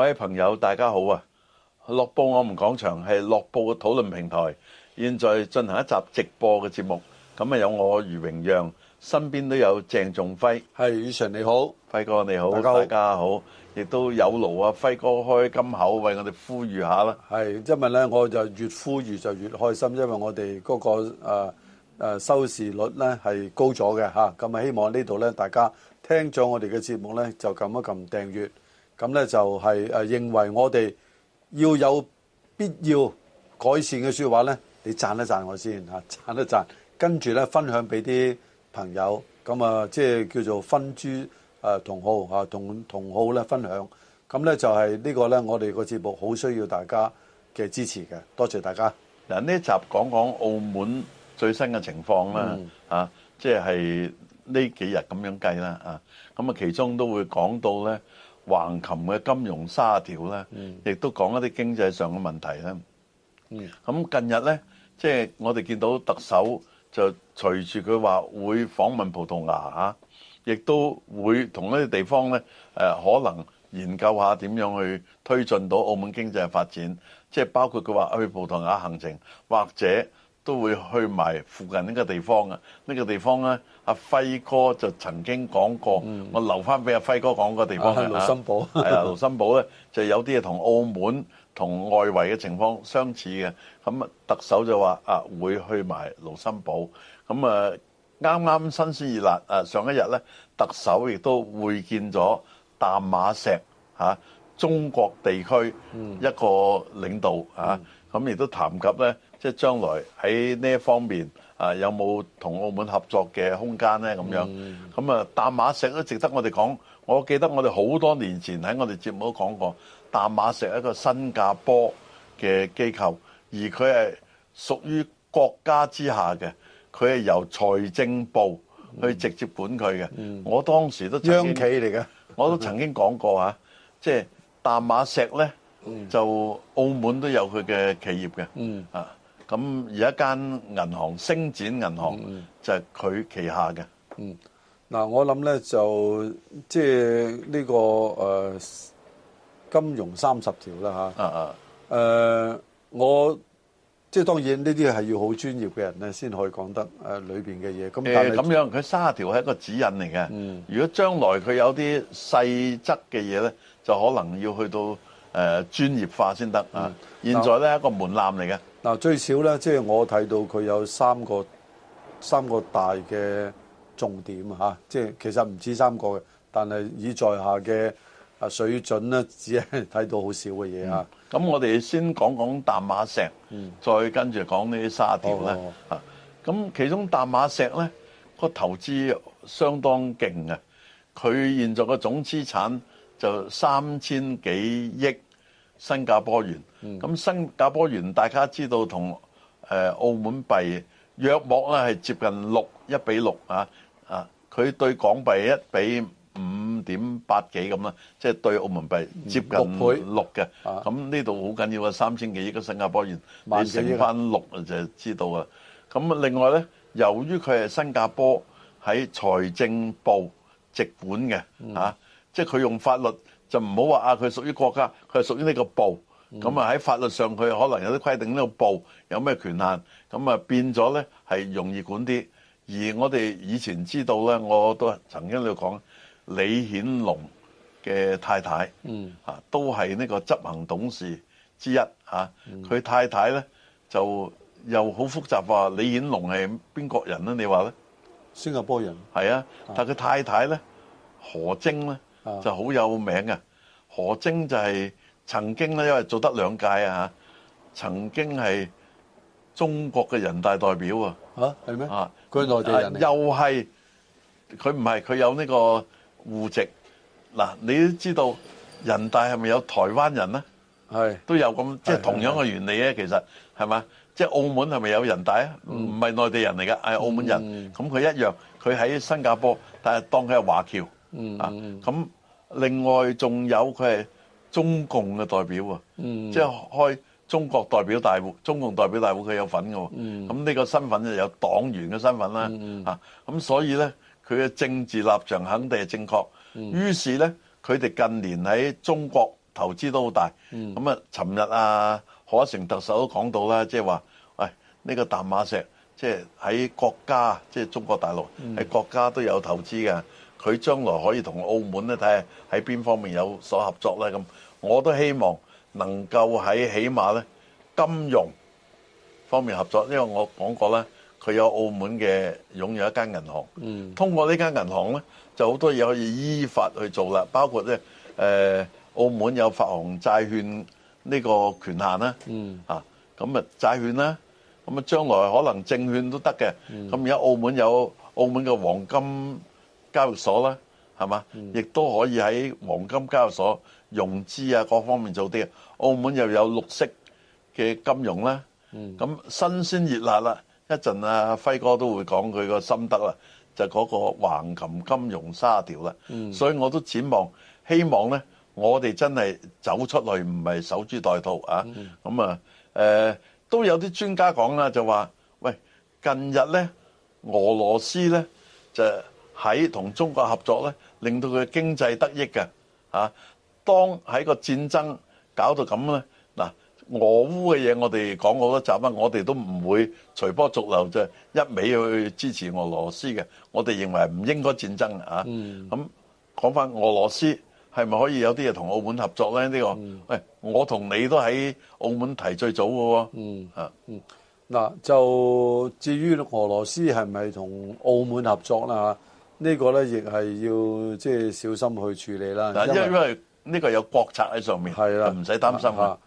各位朋友，大家好啊！樂報我們講場係樂報嘅討論平台，現在進行一集直播嘅節目。咁啊，有我余榮讓，身邊都有鄭仲輝。係，宇晨你好，輝哥你好，大家好，亦都有勞啊，輝哥開金口為我哋呼籲下啦。係，因為咧我就越呼籲就越開心，因為我哋嗰，那個誒誒，啊啊、收視率咧係高咗嘅吓。咁啊，希望呢度咧大家聽咗我哋嘅節目咧就撳一撳訂閱。咁咧就係誒，認為我哋要有必要改善嘅說話咧，你贊一贊我先嚇，贊一贊，跟住咧分享俾啲朋友咁啊，即係叫做分豬同號同同號咧分享。咁咧就係呢個咧，我哋個節目好需要大家嘅支持嘅，多謝大家嗱。呢集講講澳門最新嘅情況啦，即係呢幾日咁樣計啦啊。咁啊，其中都會講到咧。橫琴嘅金融30條咧，亦都講一啲經濟上嘅問題咧。咁近日咧，即係我哋見到特首就隨住佢話會訪問葡萄牙嚇，亦都會同一啲地方咧誒，可能研究下點樣去推進到澳門經濟嘅發展，即係包括佢話去葡萄牙行程或者，都會去埋附近呢個地方呢、啊、呢個地方咧，阿輝哥就曾經講過，我留翻俾阿輝哥講個地方嚇、啊啊。盧森堡係啊，盧森堡咧就有啲嘢同澳門同外圍嘅情況相似嘅，咁啊特首就話啊會去埋盧森堡，咁啊啱啱新鮮熱辣啊上一日咧，特首亦都會見咗淡馬錫、啊、中國地區一個領導咁、啊、亦都談及咧。即係將來喺呢一方面啊，有冇同澳門合作嘅空間呢？咁樣咁啊，淡、嗯、馬錫都值得我哋講。我記得我哋好多年前喺我哋節目都講過，淡馬錫係一個新加坡嘅機構，而佢係屬於國家之下嘅，佢係由財政部去直接管佢嘅。嗯、我當時都央企嚟嘅，我都曾經講過、嗯、啊，即係淡馬錫呢，嗯、就澳門都有佢嘅企業嘅、嗯、啊。咁而一間銀行，星展銀行、嗯、就係佢旗下嘅。嗯，嗱，我諗咧就即係、這、呢個、呃、金融三十條啦吓，啊啊，啊，我即係當然呢啲係要好專業嘅人咧先可以講得誒裏、呃、面嘅嘢。咁但係誒咁樣，佢三十條係一個指引嚟嘅。嗯，如果將來佢有啲細則嘅嘢咧，就可能要去到誒、呃、專業化先得啊。嗯、現在咧我一個門檻嚟嘅。嗱，最少咧，即、就、係、是、我睇到佢有三個三個大嘅重點即係，啊就是，其實唔止三個嘅，但係以在下嘅啊水準咧，只係睇到好少嘅嘢。咁我哋先講講淡馬錫，嗯，再跟住講呢啲沙田呢，咁其中淡馬錫咧個投資相當勁嘅，啊，佢現在個總資產就三千幾億，新加坡元，咁新加坡元大家知道同誒澳門幣約莫咧，係接近六一比六啊，啊佢對港幣一比五點八幾咁啦，即係對澳門幣接近六嘅倍。咁呢度好緊要啊，三千幾億嘅新加坡元，你乘翻六就知道啦，咁另外咧，由於佢係新加坡喺財政部直管嘅，吓、啊，即係佢用法律。就唔好話啊！佢屬於國家，佢係屬於呢個部。咁啊喺法律上佢可能有啲規定呢個部有咩權限。咁啊變咗咧係容易管啲。而我哋以前知道咧，我都曾經都講李顯龍嘅太太，啊、嗯、都係呢個執行董事之一啊。佢、嗯、太太咧就又好複雜話李顯龍係邊國人咧？你話咧？新加坡人。係啊，啊但係佢太太咧何晶咧？就好有名嘅何晶就係曾經咧，因為做得兩屆啊，曾經係中國嘅人大代表啊，吓係咩？啊，佢內地人又係，佢唔係，佢有呢個戶籍嗱，你都知道人大係咪有台灣人咧？係都有，咁即係同樣嘅原理呢。其實係嘛？即係澳門係咪有人大啊？唔係內地人嚟噶，係澳門人，咁佢一樣，佢喺新加坡，但係當佢係華僑。嗯，嗯啊，咁另外仲有佢係中共嘅代表、啊、嗯即係開中國代表大會、嗯、中共代表大會佢有份、啊、嗯咁呢個身份就有黨員嘅身份啦，啊、咁、嗯嗯啊、所以咧佢嘅政治立場肯定係正確，於、嗯、是咧佢哋近年喺中國投資都好大，咁、嗯、啊，尋日啊，賀一誠特首都講到啦，即係話，喂、哎、呢、這個淡馬石即係喺國家，即、就、係、是、中國大陸喺、嗯、國家都有投資嘅。佢將來可以同澳門咧睇下喺邊方面有所合作咧，咁，我都希望能夠喺起碼咧金融方面合作，因為我講過咧，佢有澳門嘅擁有，有一間銀行，嗯、通過呢間銀行咧就好多嘢可以依法去做啦，包括咧誒澳門有發行債券呢個權限啦，咁、嗯、啊債券啦，咁啊將來可能證券都得嘅，咁而家澳門有澳門嘅黃金。交易所啦，係嘛？亦都、嗯、可以喺黃金交易所融資啊，各方面做啲。澳門又有綠色嘅金融啦，咁、嗯、新鮮熱辣啦。一陣啊，輝哥都會講佢個心得啦，就嗰、是、個橫琴金融30條啦。嗯、所以我都展望，希望呢，我哋真係走出去唔係守株待兔、嗯、啊。咁、呃、啊，誒都有啲專家講啦，就話喂，近日呢，俄羅斯呢。」就。喺同中國合作呢，令到佢經濟得益嘅嚇。當喺個戰爭搞到咁呢，嗱，俄烏嘅嘢我哋講好多集啦，我哋都唔會隨波逐流就，一味去支持俄羅斯嘅。我哋認為唔應該戰爭啊。咁講翻俄羅斯係咪可以有啲嘢同澳門合作呢？呢個喂，我同你都喺澳門提最早嘅喎。啊，嗯，嗱就至於俄羅斯係咪同澳門合作啦？呢個咧亦係要即係小心去處理啦。但因為因為呢個有國策喺上面，係啦，唔使擔心嚇。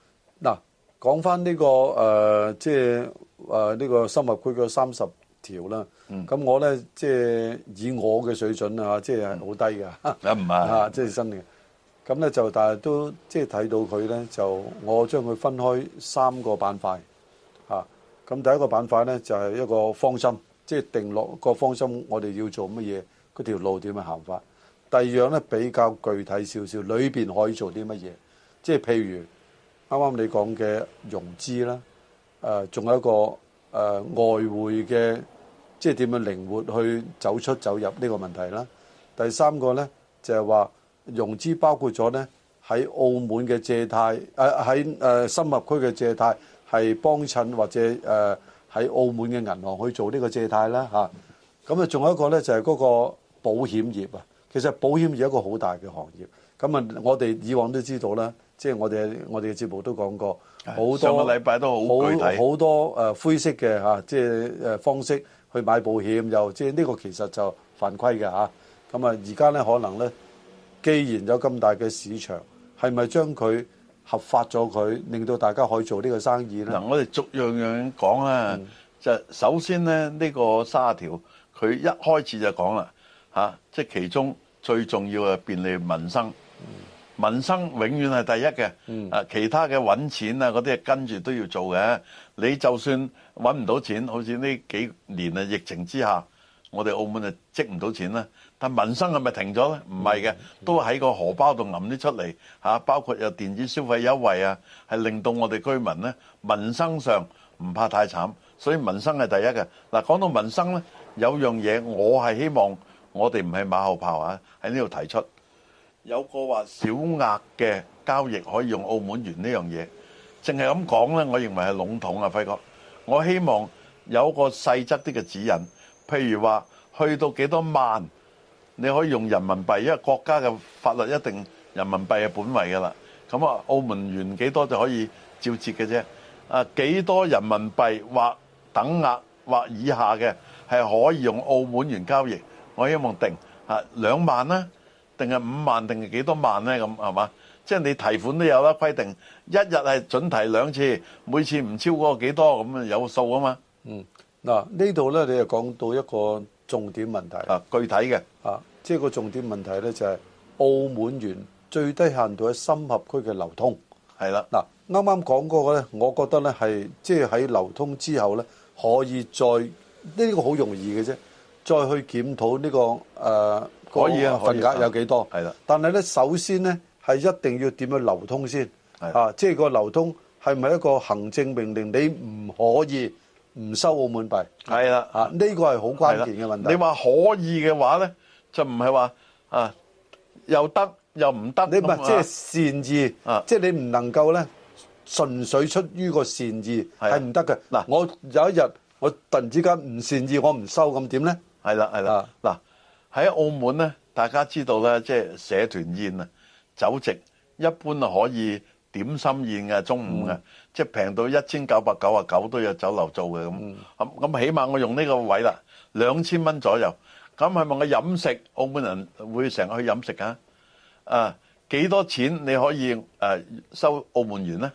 嗱，講翻呢個誒即係誒呢個深合區嘅三十條啦。咁我咧即係以我嘅水準啊，即係係好低㗎。嚇唔係嚇，即係新嘅。咁咧就但係都即係睇到佢咧，就我將佢分開三個板塊嚇。咁第一個板塊咧就係一個方針。即係定落個方針，我哋要做乜嘢？嗰條路點樣行法？第二樣咧比較具體少少，裏面可以做啲乜嘢？即係譬如啱啱你講嘅融資啦，誒仲有一個誒外匯嘅，即係點樣靈活去走出走入呢個問題啦。第三個咧就係話融資包括咗咧喺澳門嘅借貸，誒喺誒深合區嘅借貸係幫襯或者誒喺澳門嘅銀行去做呢個借貸啦嚇，咁啊仲有一個呢，就係嗰個保險業啊。其實保險業一個好大嘅行業，咁啊我哋以往都知道啦，即係我哋我哋嘅節目都講過好多，上個禮拜都好好多誒灰色嘅嚇，即係誒方式去買保險，又即係呢個其實就犯規嘅嚇。咁啊而家呢，可能呢，既然有咁大嘅市場，係咪將佢？合法咗佢，令到大家可以做呢個生意啦。嗱、嗯，我哋逐樣樣講啦，啊，就係，首先咧，呢、呢個卅條佢一開始就講啦，吓、啊，即其中最重要嘅便利民生，民生永遠係第一嘅。啊，其他嘅揾錢啊，嗰啲跟住都要做嘅。你就算揾唔到錢，好似呢幾年啊疫情之下，我哋澳門就積唔到錢啦。民生係咪停咗咧？唔係嘅，都喺個荷包度揜啲出嚟嚇，包括有電子消費優惠啊，係令到我哋居民咧民生上唔怕太慘，所以民生係第一嘅。嗱，講到民生咧，有樣嘢我係希望我哋唔係馬後炮啊，喺呢度提出有個話小額嘅交易可以用澳門元呢樣嘢，淨係咁講咧，我認為係籠統啊，輝哥。我希望有個細則啲嘅指引，譬如話去到幾多萬。你可以用人民幣，因為國家嘅法律一定人民幣係本位嘅啦。咁啊，澳門元幾多就可以照折嘅啫。啊，幾多人民幣或等額或以下嘅係可以用澳門元交易。我希望定嚇兩萬啦，定係五萬，定係幾多萬呢？咁係嘛？即係你提款都有啦，規定一日係準提兩次，每次唔超過幾多咁啊？咁有數啊嘛。嗯，嗱呢度呢，你就講到一個。重點問題啊，具體嘅啊，即係個重點問題咧就係澳門元最低限度喺深合區嘅流通，係啦。嗱，啱啱講過嘅咧，我覺得咧係即係喺流通之後咧，可以再呢個好容易嘅啫，再去檢討呢個誒可以啊，份額有幾多係啦。但係咧，首先咧係一定要點樣流通先啊，即係個流通係咪一個行政命令，你唔可以。唔收澳門幣，係啦的，嚇呢、啊呢個係好關鍵嘅問題。你話可以嘅話咧，就唔係話啊又得又唔得？你唔係即係善意，的啊、即係你唔能夠咧純粹出於個善意係唔得嘅。嗱的，啊、我有一日我突然之間唔善意，我唔收咁點咧？係啦係啦，嗱喺、啊啊、澳門咧，大家知道咧，即、就、係、是、社團宴啊酒席一般啊可以。點心宴嘅中午嘅，即係平到一千九百九啊九都有酒樓做嘅咁，咁咁起碼我用呢個位啦，兩千蚊左右。咁係問我飲食澳門人會成日去飲食噶？啊，幾多錢你可以誒收澳門元咧？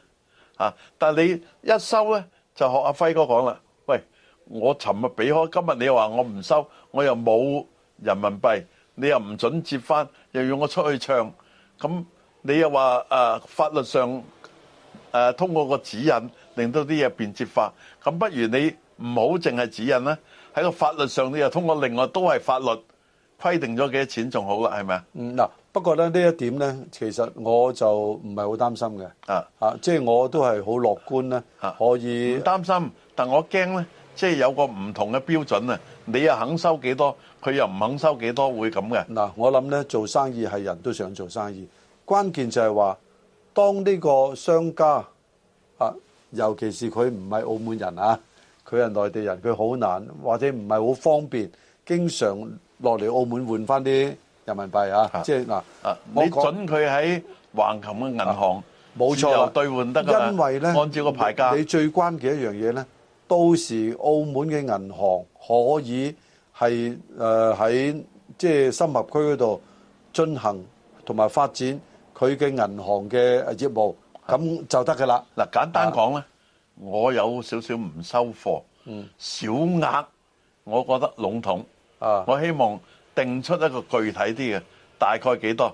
吓，但係你一收咧就學阿輝哥講啦，喂，我尋日俾開，今日你又話我唔收，我又冇人民幣，你又唔准接翻，又要我出去唱，咁。你又話誒、呃、法律上誒、呃、通過個指引，令到啲嘢便捷化，咁不如你唔好淨係指引啦，喺個法律上你又通過另外都係法律規定咗幾多錢仲好啦，係咪啊？嗯，嗱，不過咧呢一點咧，其實我就唔係好擔心嘅。啊啊，即係、啊就是、我都係好樂觀啦，啊、可以。唔擔心，但我驚咧，即、就、係、是、有個唔同嘅標準啊！你又肯收幾多，佢又唔肯收幾多，會咁嘅。嗱、嗯，我諗咧，做生意係人都想做生意。關鍵就係話，當呢個商家啊，尤其是佢唔係澳門人啊，佢係內地人，佢好難或者唔係好方便，經常落嚟澳門換翻啲人民幣的啊。即係嗱，啊、說你準佢喺橫琴嘅銀行冇、啊、錯、啊，對換得因為咧，按照個牌價，你最關鍵的一樣嘢咧，到時澳門嘅銀行可以係誒喺即係深合區嗰度進行同埋發展。佢嘅銀行嘅業務咁就得㗎喇。嗱，簡單講咧，我有少少唔收貨，小額，我覺得籠統。啊，我希望定出一個具體啲嘅，大概幾多？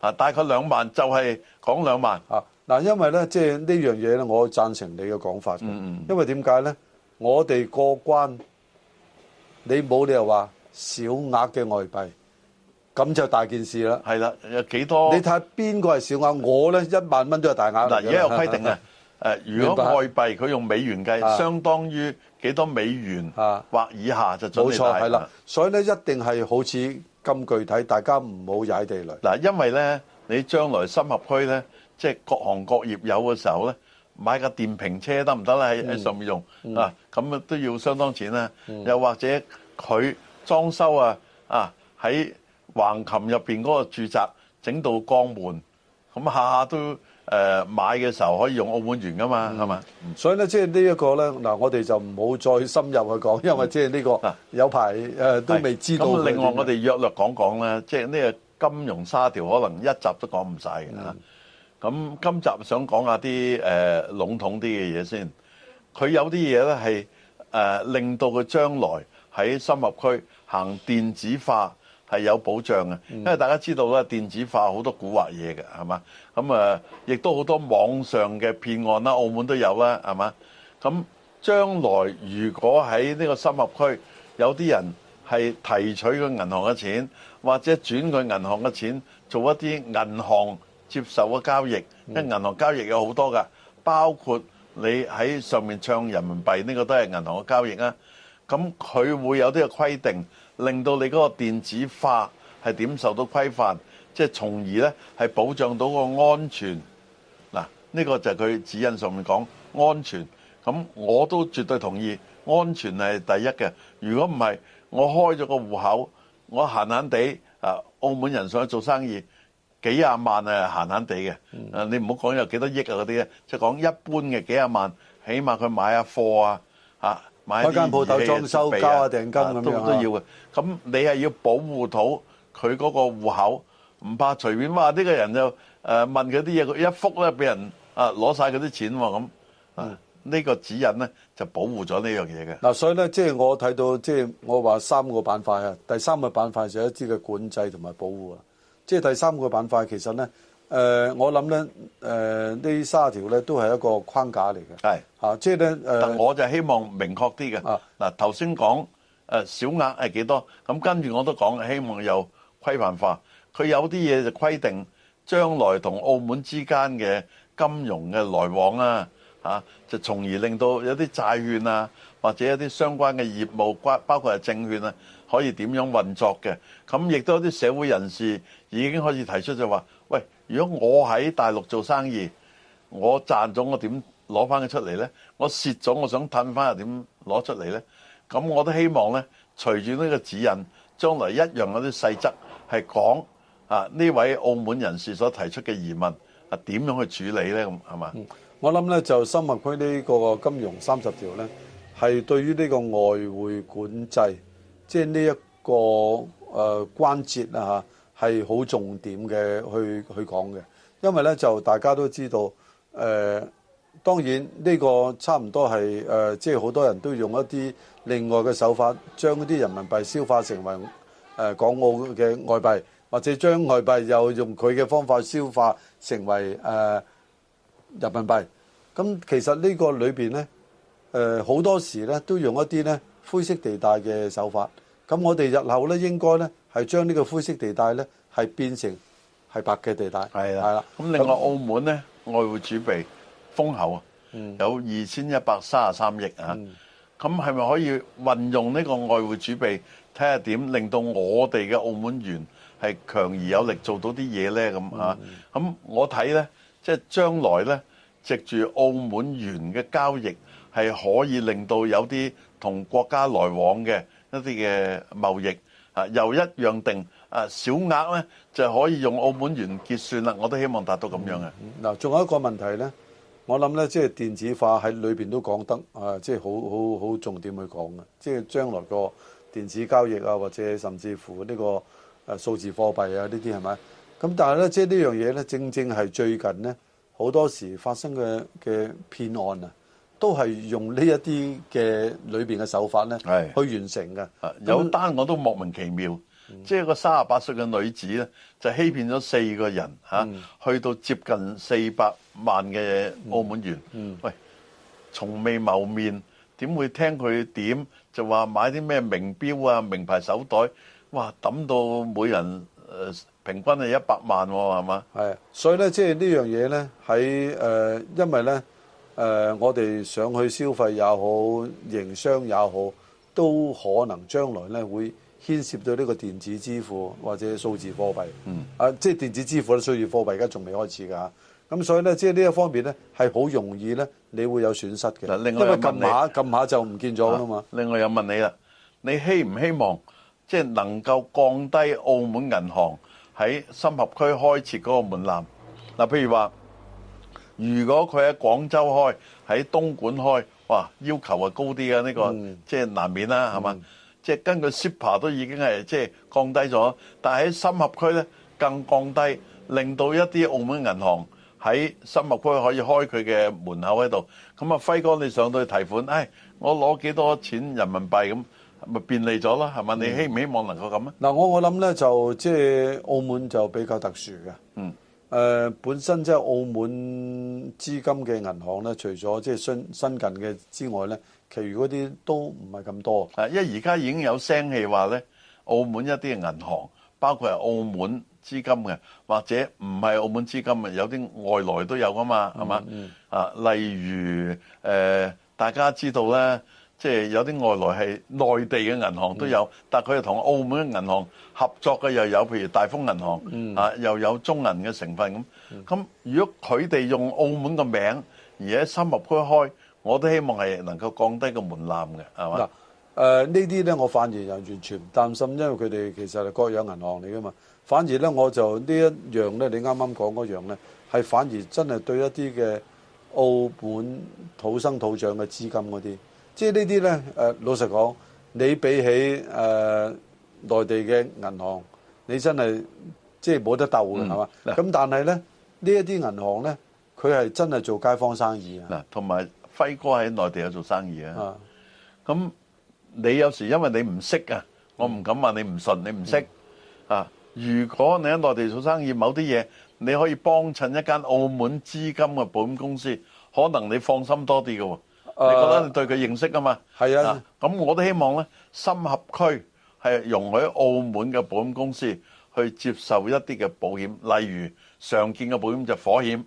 啊，大概兩萬就係講兩萬。啊，嗱，因為咧，即係呢樣嘢咧，我贊成你嘅講法。嗯嗯。因為點解咧？我哋過關，你冇理由話小額嘅外幣。咁就大件事啦。係啦，有幾多？你睇下邊個係小額？我咧一萬蚊都係大額。嗱，而家有規定啊。 明白 如果外幣佢用美元計，是的 相當於幾多美元或以下就準備買。冇錯，係啦。所以咧，一定係好似咁具體，大家唔好踩地雷。嗱，因為咧，你將來深合區咧，即係各行各業有嘅時候咧，買個電瓶車得唔得咧？喺上面用啊，咁啊、嗯嗯、都要相當錢啦。嗯、又或者佢裝修啊，啊喺～橫琴入邊嗰個住宅整到江門咁，下下都誒買嘅時候可以用澳門元噶嘛，係嘛、嗯？吧所以咧，即係呢一個咧嗱，我哋就唔好再深入去講，因為即係呢個有排誒都未知道、嗯。啊、另外，我哋約略講講啦，即係呢個金融沙條可能一集都講唔曬嚇。咁、嗯啊、今集想講下啲誒籠統啲嘅嘢先，佢有啲嘢咧係誒令到佢將來喺深合區行電子化，係有保障嘅，因為大家知道咧，電子化好多古惑嘢嘅，係嘛？咁啊，亦都好多網上嘅騙案啦，澳門都有啦，係嘛？咁將來如果喺呢個深合區有啲人係提取佢銀行嘅錢，或者轉佢銀行嘅錢，做一啲銀行接受嘅交易，因為銀行交易有好多嘅，包括你喺上面唱人民幣呢個都係銀行嘅交易啊。咁佢會有啲嘅規定。令到你嗰個電子化係點受到規範，即係從而呢係保障到個安全。嗱，呢個就係佢指引上面講安全。咁我都絕對同意，安全係第一嘅。如果唔係，我開咗個戶口，我閒閒地啊，澳門人想做生意，幾廿萬啊，閒閒地嘅。啊，你唔好講有幾多億啊嗰啲咧，即係講一般嘅幾廿萬，起碼佢買下貨啊嚇。開間鋪頭裝修交下、啊、定金咁、啊、都，都要嘅。咁、啊、你係要保護到佢嗰個戶口，唔怕隨便話呢、這個人就誒、呃、問佢啲嘢，佢一覆咧俾人啊攞晒佢啲錢喎，咁啊呢、啊嗯啊這個指引咧就保護咗呢樣嘢嘅。嗱，所以咧即係我睇到即係我話三個板塊啊，第三個板塊就係一啲嘅管制同埋保護啊，即係第三個板塊其實咧。誒、呃，我諗咧，誒、呃，呢三條咧都係一個框架嚟嘅，係是啊即係咧，誒、就是，呃、但我就希望明確啲嘅。嗱、啊，頭先講誒，小額係幾多，咁跟住我都講，希望有規範化。佢有啲嘢就規定將來同澳門之間嘅金融嘅來往啦，吓、啊，就從而令到有啲債券啊，或者一啲相關嘅業務，關包括係證券啊。可以點樣運作嘅？咁亦都有啲社會人士已經開始提出就話：「喂，如果我喺大陸做生意，我賺咗我點攞翻佢出嚟呢？我蝕咗我想褪翻又點攞出嚟呢？」咁我都希望呢，隨住呢個指引，將來一樣嗰啲細則係講啊呢位澳門人士所提出嘅疑問啊點樣去處理呢？咁係嘛？我諗呢，就深合區呢個金融三十條呢，係對於呢個外匯管制。即係呢一個誒關節啊，係好重點嘅去去講嘅，因為呢就大家都知道誒，當然呢個差唔多係誒，即係好多人都用一啲另外嘅手法，將嗰啲人民幣消化成為誒港澳嘅外幣，或者將外幣又用佢嘅方法消化成為誒人民幣。咁其實呢個裏邊呢，誒好多時呢都用一啲呢。灰色地帶嘅手法，咁我哋日後咧應該咧係將呢個灰色地帶咧係變成係白嘅地帶。係啦，係啦。咁另外澳門咧外匯儲備豐厚啊，嗯，有二千一百三十三億啊。咁係咪可以運用呢個外匯儲備，睇下點令到我哋嘅澳門元係強而有力做到啲嘢咧？咁啊，咁我睇咧，即係將來咧，藉住澳門元嘅交易係可以令到有啲。同國家來往嘅一啲嘅貿易啊，又一樣定啊，小額呢就可以用澳門元結算啦。我都希望達到咁樣嘅。嗱，嗯，仲有一個問題呢，我諗呢，即係電子化喺裏面都講得啊，即係好好好重點去講嘅，即係將來個電子交易啊，或者甚至乎呢個誒數字貨幣啊，呢啲係咪？咁但係呢，即係呢樣嘢呢，正正係最近呢，好多時發生嘅嘅騙案啊！都係用呢一啲嘅裏邊嘅手法咧，去完成嘅。有單我都莫名其妙，即係個三十八歲嘅女子咧，就欺騙咗四個人嚇，去到接近四百萬嘅澳門元。喂，從未謀面，點會聽佢點？就話買啲咩名表啊、名牌手袋，哇，抌到每人誒平均係一百萬喎，係嘛？係，所以咧，即係呢樣嘢咧，喺誒，因為咧。誒、呃，我哋上去消費也好，營商也好，都可能將來咧會牽涉到呢個電子支付或者數字貨幣。嗯。啊，即係電子支付、數字貨幣，而家仲未開始㗎吓、咁、啊、所以咧，即係呢一方面咧係好容易咧，你會有損失嘅。嗱，另外因為撳下撳下就唔見咗啦嘛。另外有問你啦，你希唔希望即係、就是、能夠降低澳門銀行喺深合區開設嗰個門檻？嗱、啊，譬如話。如果佢喺廣州開，喺東莞開，哇，要求啊高啲㗎，呢、這個，嗯、即係難免啦，係嘛？嗯、即係根據 SIPA 都已經係即係降低咗，但係喺深合區咧更降低，令到一啲澳門銀行喺深合區可以開佢嘅門口喺度，咁啊輝哥，你上到去提款，唉、哎，我攞幾多錢人民幣咁，咪便利咗啦，係咪？你希唔希望能夠咁啊？嗱，我我諗咧就即係澳門就比較特殊嘅，嗯。嗯誒、呃、本身即係澳門資金嘅銀行咧，除咗即係新新近嘅之外咧，其餘嗰啲都唔係咁多。啊，因為而家已經有聲氣話咧，澳門一啲銀行包括係澳門資金嘅，或者唔係澳門資金嘅，有啲外來都有噶嘛，係嘛？嗯、啊，例如誒、呃，大家知道咧。即係有啲外來係內地嘅銀行都有，但係佢又同澳門嘅銀行合作嘅又有，譬如大豐銀行啊，又有中銀嘅成分咁。咁如果佢哋用澳門嘅名而喺深入區開，我都希望係能夠降低個門檻嘅，係嘛？嗱，誒呢啲咧，我反而又完全唔擔心，因為佢哋其實係各樣銀行嚟噶嘛。反而咧，我就呢一樣咧，你啱啱講嗰樣咧，係反而真係對一啲嘅澳本土生土長嘅資金嗰啲。即係呢啲咧，老實講，你比起誒、呃、內地嘅銀行，你真係即係冇得鬥嘅係嘛？咁、嗯、但係咧，呢一啲銀行咧，佢係真係做街坊生意啊！嗱，同埋輝哥喺內地有做生意啊。咁你有時因為你唔識啊，我唔敢話你唔信，你唔識、嗯、啊。如果你喺內地做生意，某啲嘢你可以幫襯一間澳門資金嘅保險公司，可能你放心多啲嘅喎。你覺得你對佢認識啊嘛？係、uh, 啊，咁我都希望咧，深合區係容許澳門嘅保險公司去接受一啲嘅保險，例如常見嘅保險就火險，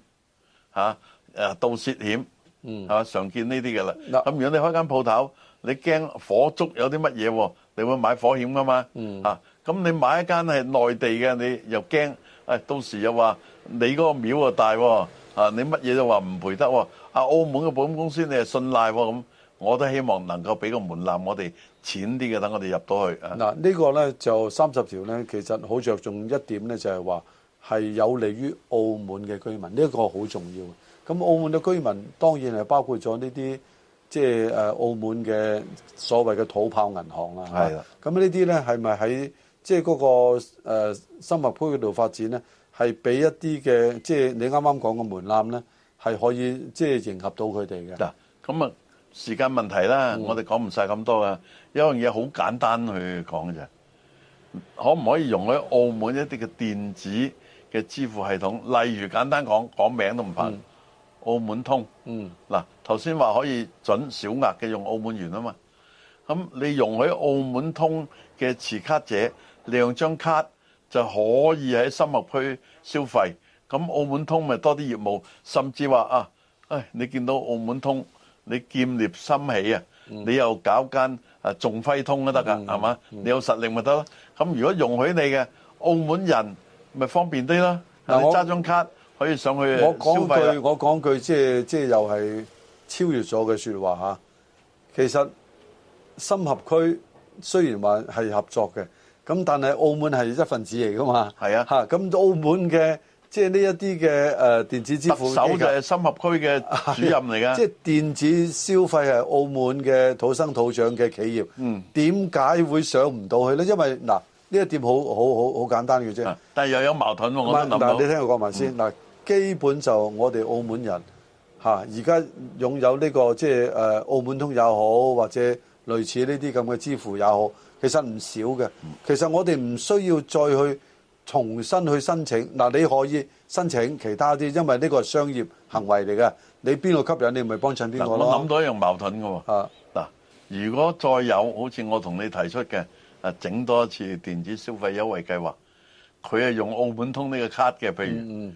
嚇、啊，誒盜竊險，嗯、啊，常見呢啲嘅啦。咁、嗯、如果你開間鋪頭，你驚火燭有啲乜嘢，你會買火險噶嘛？嗯，啊，咁你買一間係內地嘅，你又驚、哎，到時又話你嗰個廟就大喎。啊！你乜嘢都話唔賠得喎？啊！澳門嘅保險公司你係信賴喎。咁，我都希望能夠俾個門檻我哋淺啲嘅，等我哋入到去。嗱，呢個呢就三十條呢，其實好着重一點呢，就係話係有利於澳門嘅居民，呢一個好重要。咁澳門嘅居民當然係包括咗呢啲即係澳門嘅所謂嘅土炮銀行啦。係，咁呢啲呢，係咪喺即係嗰個生物區嗰度發展呢？係俾一啲嘅，即係你啱啱講嘅門檻咧，係可以即係迎合到佢哋嘅。嗱、啊，咁啊時間問題啦，嗯、我哋講唔晒咁多噶，有一樣嘢好簡單去講嘅啫，可唔可以容許澳門一啲嘅電子嘅支付系統？例如簡單講講名都唔怕，嗯、澳門通。嗯，嗱頭先話可以準小額嘅用澳門元啊嘛，咁你容許澳門通嘅持卡者，你用張卡，就可以喺深合區消費，咁澳門通咪多啲業務，甚至話啊、哎，你見到澳門通，你見獵心起啊，嗯、你又搞間啊仲輝通都得噶，係嘛、嗯嗯？你有實力咪得咯？咁如果容許你嘅澳門人，咪方便啲咯。我你揸張卡可以上去。我講句，我講句，即係即係又係超越咗嘅說話嚇。其實深合區雖然話係合作嘅。咁但係澳門係一份子嚟噶嘛？係啊，咁、啊、澳門嘅即係呢一啲嘅誒電子支付特首就係深合區嘅主任嚟噶，即係、啊就係、電子消費係澳門嘅土生土長嘅企業。嗯，點解會上唔到去咧？因為嗱，呢、啊、一點好好好好簡單嘅啫。但係又有矛盾喎、啊，我諗到、啊、你聽我講埋先嗱，嗯、基本就我哋澳門人嚇，而、啊、家擁有呢、呢個即係誒澳門通又好，或者類似呢啲咁嘅支付又好。其實唔少嘅，其實我哋唔需要再去重新去申請。嗱，你可以申請其他啲，因為呢個係商業行為嚟嘅。你邊度吸引，你咪幫襯邊個咯。嗱，我諗到一樣矛盾㗎喎。嗱，如果再有好似我同你提出嘅，整多一次電子消費優惠計劃，佢係用澳門通呢個卡嘅，譬如。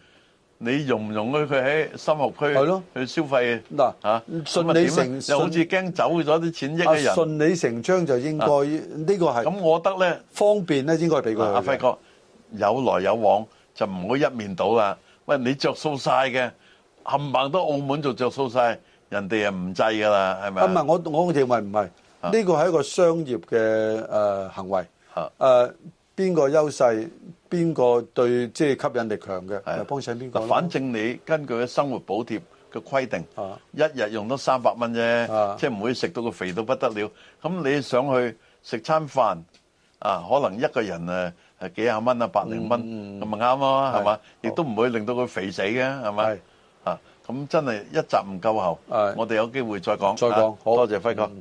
你容唔容許佢？佢喺深合區去消費嗱嚇，順理成又好似驚走咗啲錢益嘅人，順理成章就應該呢個係。咁我覺得咧方便咧，應該俾佢。阿輝哥有來有往就唔好一面倒啦。喂，你著數曬嘅，冚唪唥都澳門就著數曬，人哋又唔制噶啦，係咪？唔係我我認為唔係，呢個係一個商業嘅誒行為。誒邊個優勢？邊個對即係吸引力強嘅？係幫襯邊個？嗱，反正你根據嘅生活補貼嘅規定，一日用多三百蚊啫，即係唔會食到佢肥到不得了。咁你想去食餐飯啊？可能一個人誒係幾廿蚊啊，百零蚊咁咪啱囉，係嘛？亦都唔會令到佢肥死嘅，係咪？啊，咁真係一集唔夠喉，我哋有機會再講，再講，好多謝輝哥。